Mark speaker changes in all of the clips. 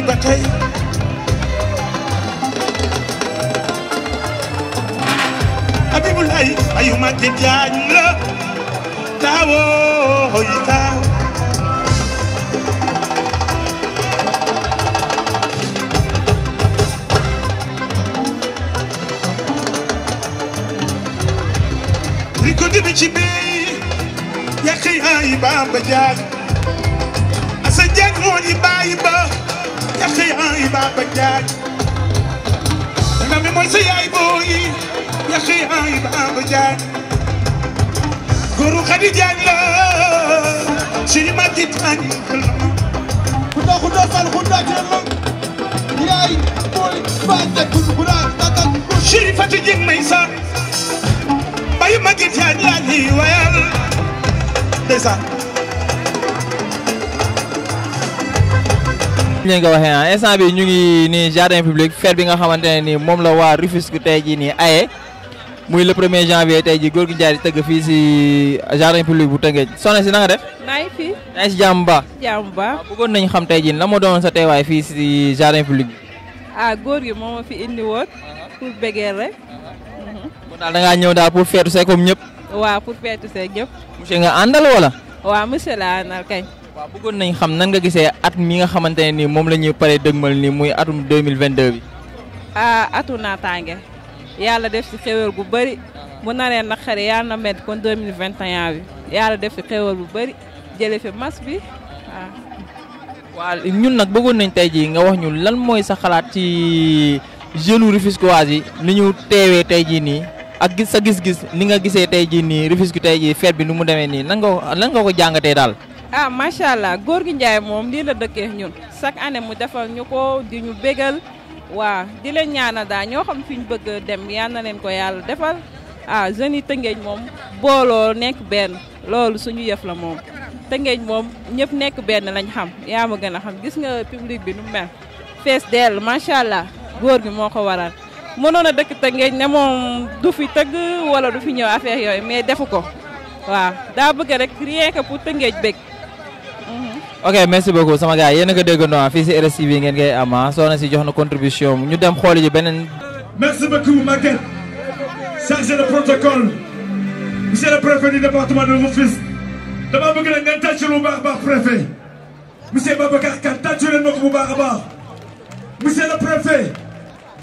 Speaker 1: yi ba tey Abibulaay ayuma te jaañ la taawoo yi taaw li ko dibi ci bey yàq yi ay Bamba Jaañ asa jàng moo di bàyyi ba maay Baba Jaaj nami mooy sa yaay booy yaxi ay Baba Jaaj góoru Xadi Jaaj la si ma ci tànn xundo xundo sal xundo jël yaay booy baata kun buraat tata si fati jig may sa bay ma ci tànn yaa ni wayal ndeysaan
Speaker 2: ñu nga waxee ah instant bi ñu ngi nii jardin public fête bi nga xamante ne nii moom la waa Rufisque tey jii nii aye muy le premier janvier tey jii góor gi njaay di tëgg fii si jardin public bu Tëngéej soxna si nanga def. maa ngi fi. maa ngi si ba. jàmm ba xam tey jii la moo doon sa teewaay fii si jardin public bi.
Speaker 3: Ah, góor gi moo ma fi indi woon. Uh-huh. pour rek. Uh-huh. Mhm.
Speaker 2: daal da ñëw daal pour feetu see comme ñëpp.
Speaker 3: waaw pour feetu see ñëpp.
Speaker 2: monsieur nga àndal wala.
Speaker 3: waaw monsieur la àndal kañ.
Speaker 2: waaw bëggoon nañu xam nan nga gisee at mi nga xamante ne nii moom la ñuy pare dëgmal nii muy atum 2022 bi
Speaker 3: ah atu naataange yàlla def si xéwal gu bëri mu naree na xare yàlla na met kon 2021 bi yàlla def si xéwal bu bëri jële fi mas bi
Speaker 2: waaw ñun nag bëggoon nañ tey jii nga wax ñu lan mooy sa xalaat ci jeunes Rufisquois yi ni ñu teewee tey nii ak gis sa gis-gis ni nga gisee tey jii nii Rufisque tey jii fête bi nu mu demee nii lan nga lan nga ko jàngatee daal
Speaker 3: ah macha allah góor gi Ndiaye moom lii la dëkkee ñun chaque année mu defal ñu ko di ñu bégal waa di leen ñaana daa ñoo xam fi ñu bëgg dem yal na leen ko yàlla defal ah jeunes yi Tëngéej moom booloo nekk benn loolu suñu yëf la moom. Tëngéej moom ñëpp nekk benn lañ xam yaa ma gën a xam gis nga public bi nu mel fees dell macha allah góor gi moo ko waral mënoon a dëkk Tëngéej ne moom du fi tëgg wala du fi ñëw affaire yooyu mais defu ko waaw daa bëgg rek rien
Speaker 2: ok merci beaucoup sama gars yéen a ko déggandoo fii si RSTV ngeen koy am ah. soxna si jox na contribution ñu dem xool ji beneen.
Speaker 1: merci beaucoup Maguette. chargé de protocole. monsieur le préfet du département de Rufisque. dama bëgg nag ngeen tàcc lu baax baax préfet. monsieur Babacar Kane tàcc leen ma ko bu baax baax. monsieur le préfet.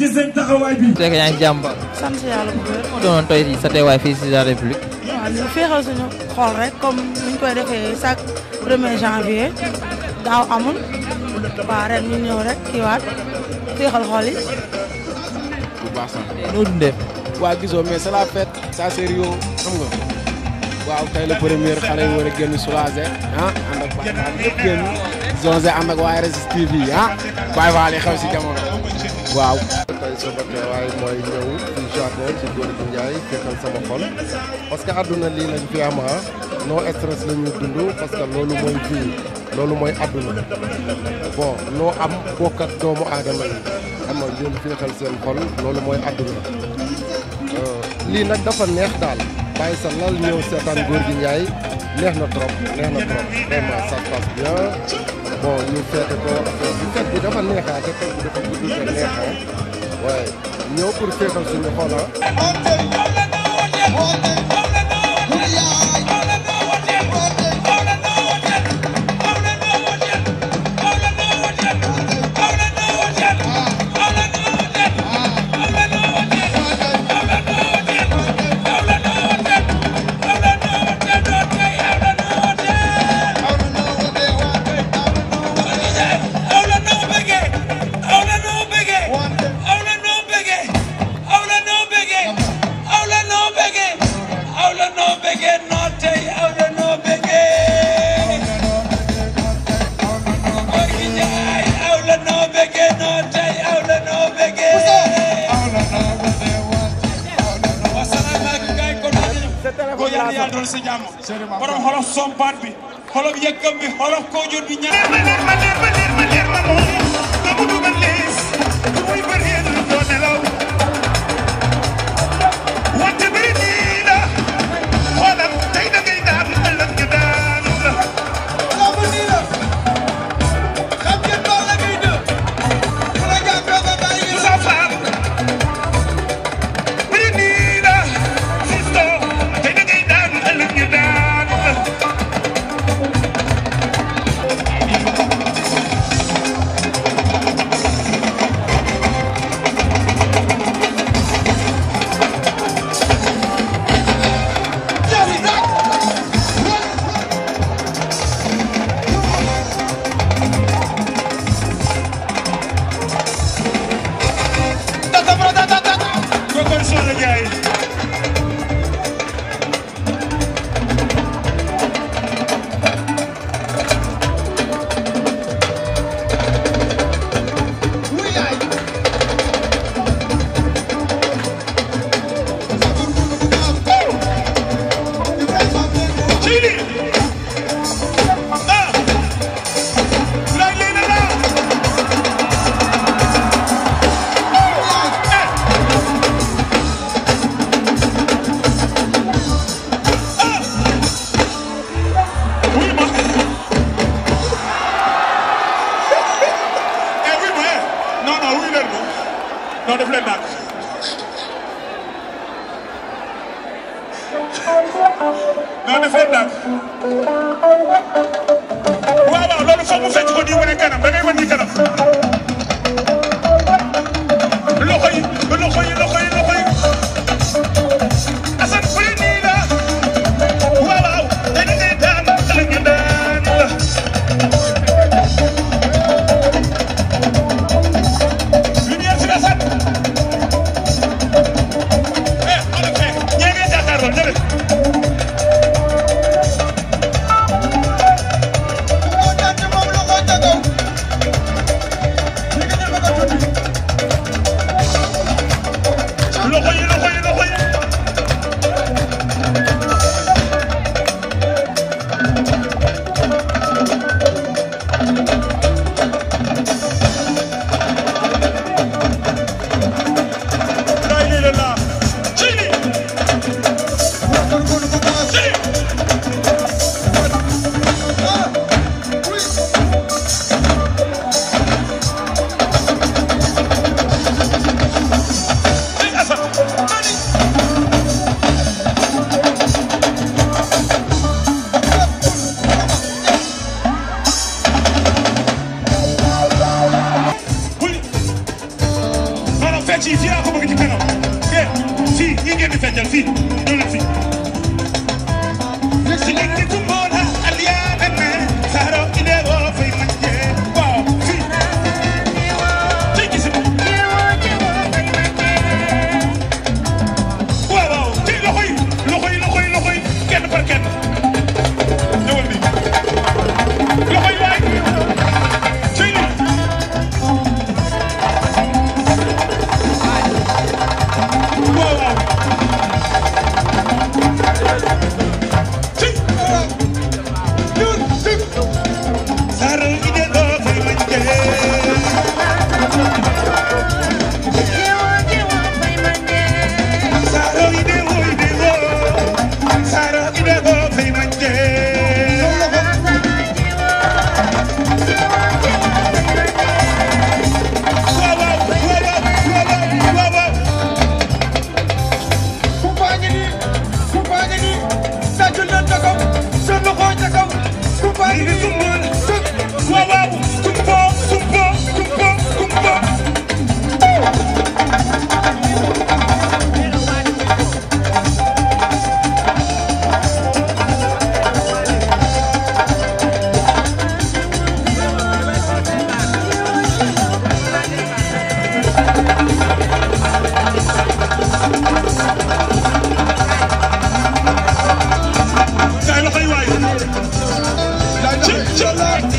Speaker 1: gis nañ taxawaay bi. fekk yaa ngi jàmm.
Speaker 4: sant yàlla bu wér. moo
Speaker 2: doonoon sa teewaay fii si la république.
Speaker 4: waaw ñu féexal suñu xool rek comme ñu koy defee chaque premier janvier daaw amul waaw ren ñu ñëw rek kiiwaat féexal xool yi.
Speaker 1: bu baax waa gisoo mais c'est la fête. ça c'est Rio nga. waaw tey la première xale yi war a génn soulager ah ànd ak baax naa yëpp génn. José ànd ak waaye Regis TV ah bàyyi faale xew si jamono waaw. tey sama mooy ñëw ci jardin ci góor gi Ndiaye fekkal sama xol parce que àdduna lii lañ fi am ah non stress la ñuy dund parce que loolu mooy vie loolu mooy àdduna bon loo am bokkat doomu aadama yi am na ñoom fekkal seen xol loolu mooy àdduna euh, lii nag dafa neex daal bàyyi sa lal ñëw seetaan góor gi Ndiaye neex na trop neex na trop vraiment ça passe bien. bon ñu feete ko affaire bi fête bi dafa neexaa ah, te fête bi dafa gudd te neexaa ah. waaye ñëw pour feetal suñu xoolaa ah. Solo voy a caer,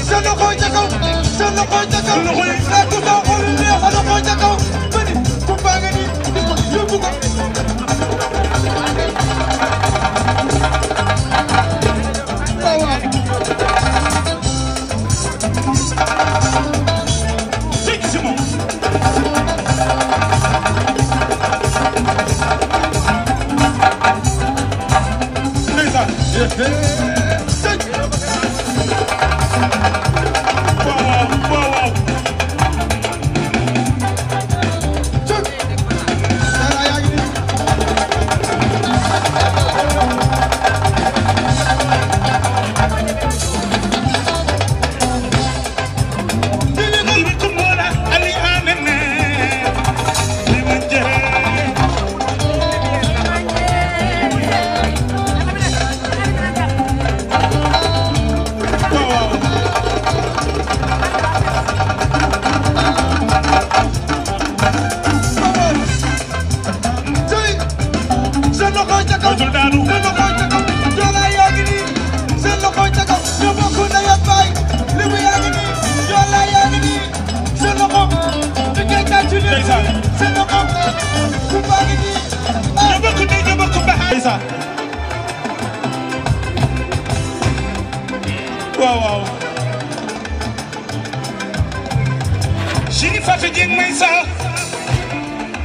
Speaker 1: solo voy a caer, solo voy a caer. sëñ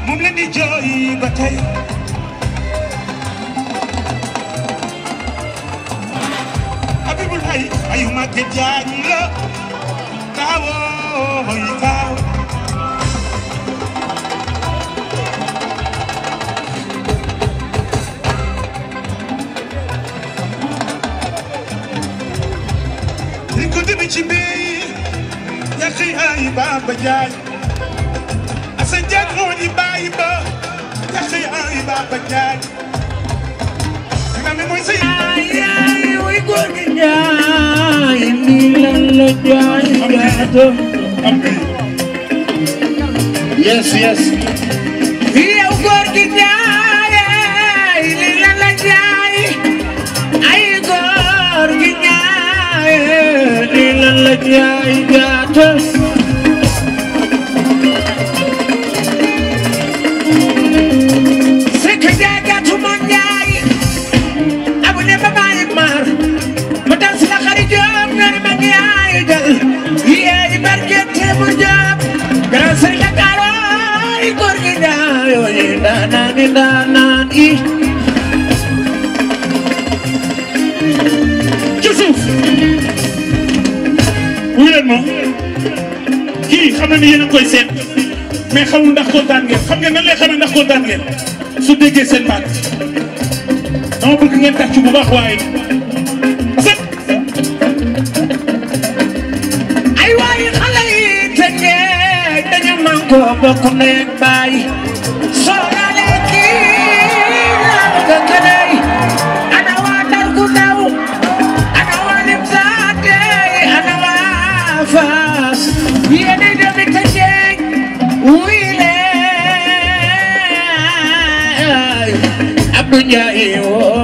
Speaker 1: moom leen di jooy ba tey abibul hay ayu màgge jaañ la kaawooy kaaw li ko dëbi ci mbéy yaqi ay baaba jaañ jagruun i bàyyi ba jaxi aan i baaba jaay dina mi muy si yaay way góor gi jaay mi lan
Speaker 4: la jaay gaato yes yes yow góor gi jaay li lan la jaay ay góor gi jaay li lan la jaay gaato mu tas la xari Jóob nanu ma ngi ay dal yeey barket te mu Jóob grand sëriñ Ndakaaru ay góor gi daayoo yi ndaanaan yi ndaanaan yi
Speaker 1: ci suuf ñu leen moom kii xam ni yéen a koy seet mais xamul ndax kontaan ngeen xam ngeen nan lay xamee ndax kontaan ngeen su déggee seen baat dama bëgg ngeen tàcc bu baax waaye
Speaker 4: ko bokk ndey baay soorale kii la ko gënay ana waa Darou Ndaw ana waa Nimzaate ana waa Fass yéene dem it a jeeg wii leen Abdou Ndiaye woo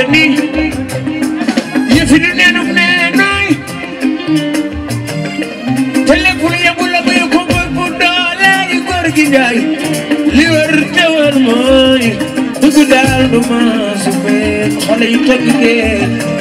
Speaker 4: te nii yëf yi du neenu nee nooy te lépp lu yëngu la ba yëngu góor bu doole yi góor gi njaay li wër te wër mooy dugg daal du ma su fekk xale yi tëgg kee